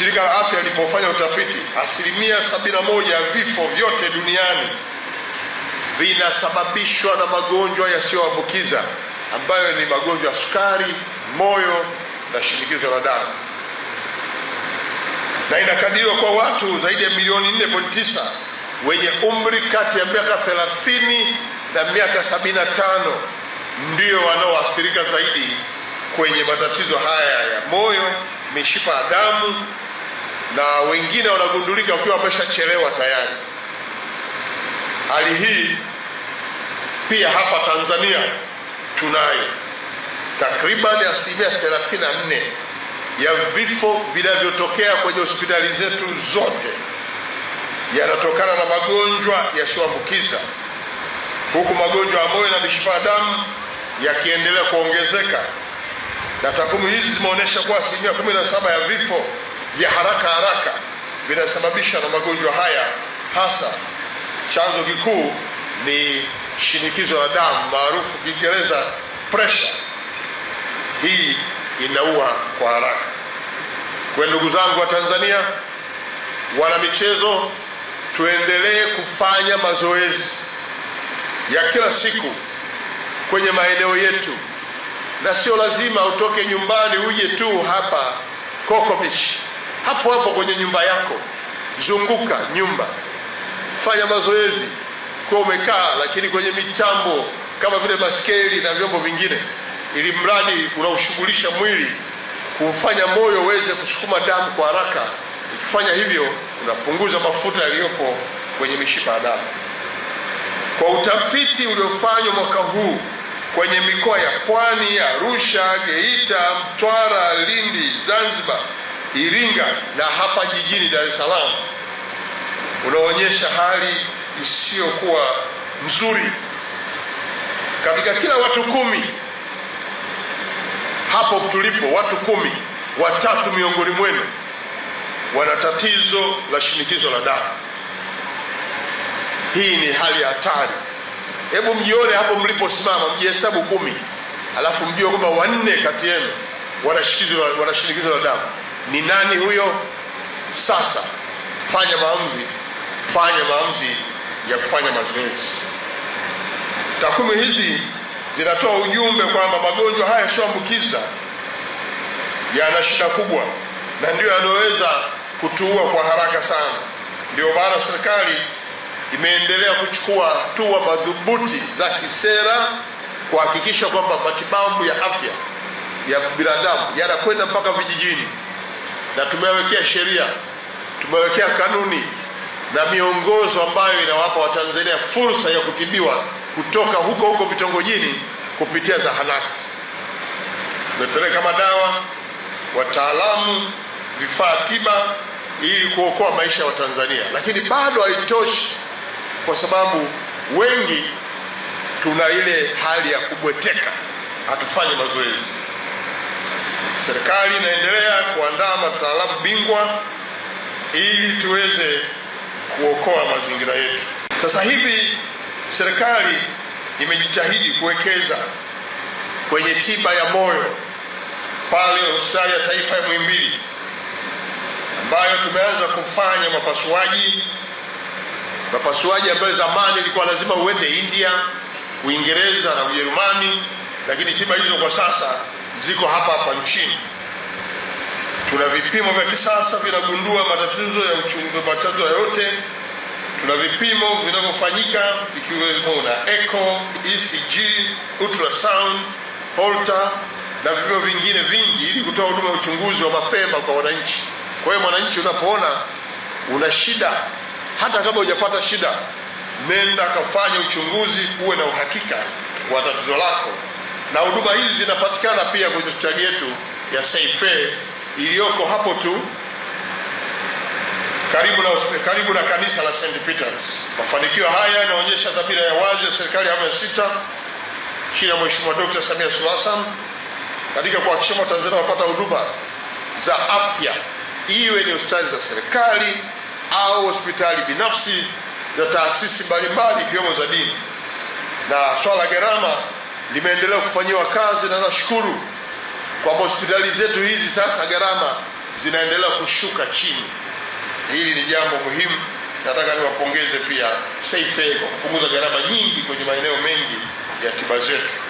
Shirika la Afya lilipofanya utafiti, asilimia 71 ya vifo vyote duniani vinasababishwa na magonjwa yasiyoambukiza ambayo ni magonjwa ya sukari, moyo na shinikizo la damu, na inakadiriwa kwa watu zaidi ya milioni 4.9 wenye umri kati ya miaka 30 na miaka 75 ndio wanaoathirika zaidi kwenye matatizo haya ya moyo, mishipa ya damu na wengine wanagundulika wakiwa wameshachelewa tayari. Hali hii pia hapa Tanzania tunayo. Takriban asilimia 34 ya vifo vinavyotokea kwenye hospitali zetu zote yanatokana na magonjwa yasiyoambukiza, huku magonjwa ya moyo na mishipa ya damu yakiendelea kuongezeka, na takwimu hizi zimeonyesha kuwa asilimia 17 ya vifo vya haraka haraka vinasababishwa na magonjwa haya, hasa chanzo kikuu ni shinikizo la damu maarufu Kiingereza pressure. Hii inaua kwa haraka. Kwa ndugu zangu wa Tanzania, wana michezo, tuendelee kufanya mazoezi ya kila siku kwenye maeneo yetu, na sio lazima utoke nyumbani uje tu hapa kokobishi hapo hapo kwenye nyumba yako. Zunguka nyumba, fanya mazoezi kwa umekaa, lakini kwenye mitambo kama vile baskeli na vyombo vingine, ili mradi unaushughulisha mwili kufanya moyo uweze kusukuma damu kwa haraka. Ukifanya hivyo, unapunguza mafuta yaliyopo kwenye mishipa ya damu. Kwa utafiti uliofanywa mwaka huu kwenye mikoa ya Pwani, Arusha, Geita, Mtwara, Lindi, Zanzibar Iringa na hapa jijini Dar es Salaam unaonyesha hali isiyokuwa nzuri. Katika kila watu kumi hapo tulipo, watu kumi, watatu miongoni mwenu wana tatizo la shinikizo la damu. Hii ni hali hatari. Hebu mjione hapo mliposimama, mjihesabu kumi, alafu mjue kwamba wanne kati yenu wana shinikizo la damu ni nani huyo sasa fanya maamuzi fanya maamuzi ya kufanya mazoezi takwimu hizi zinatoa ujumbe kwamba magonjwa haya yasiyoambukiza yana shida kubwa na ndiyo yanayoweza kutuua kwa haraka sana ndio maana serikali imeendelea kuchukua hatua madhubuti za kisera kuhakikisha kwamba matibabu ya afya ya binadamu yanakwenda mpaka vijijini na tumewekea sheria, tumewekea kanuni na miongozo ambayo inawapa Watanzania fursa ya kutibiwa kutoka huko huko vitongojini kupitia zahanati. Tumepeleka madawa, wataalamu, vifaa tiba ili kuokoa maisha ya Watanzania, lakini bado haitoshi, kwa sababu wengi tuna ile hali ya kubweteka, hatufanyi mazoezi. Serikali inaendelea kuandaa mataalamu bingwa ili tuweze kuokoa mazingira yetu. Sasa hivi serikali imejitahidi kuwekeza kwenye tiba ya moyo pale hospitali ya taifa ya Muhimbili ambayo tumeanza kufanya mapasuaji mapasuaji ambayo zamani ilikuwa lazima uende India, Uingereza na Ujerumani, lakini tiba hizo kwa sasa ziko hapa hapa nchini. Tuna vipimo vya kisasa vinagundua matatizo ya uchunguzi, matatizo yote Tuna vipimo vinavyofanyika ikiwemo na echo, ECG, ultrasound, Holter na vipimo vingine vingi, ili kutoa huduma ya uchunguzi wa mapema kwa wananchi. Kwa hiyo mwananchi, unapoona una shida, hata kama hujapata shida, nenda akafanya uchunguzi, uwe na uhakika wa tatizo lako na huduma hizi zinapatikana pia kwenye hospitali yetu ya Seife iliyoko hapo tu karibu na, karibu na kanisa la St. Peter's. Mafanikio haya yanaonyesha dhamira ya wazi ya serikali ya awamu ya sita chini ya Mheshimiwa Dr. Samia Suluhu Hassan katika kuhakikisha Watanzania wanapata huduma za afya, iwe ni hospitali za serikali au hospitali binafsi za taasisi mbalimbali ikiwemo za dini, na swala gharama limeendelea kufanyiwa kazi na nashukuru kwamba hospitali zetu hizi sasa gharama zinaendelea kushuka chini. Hili ni jambo muhimu, nataka niwapongeze pia Safe kwa kupunguza gharama nyingi kwenye maeneo mengi ya tiba zetu.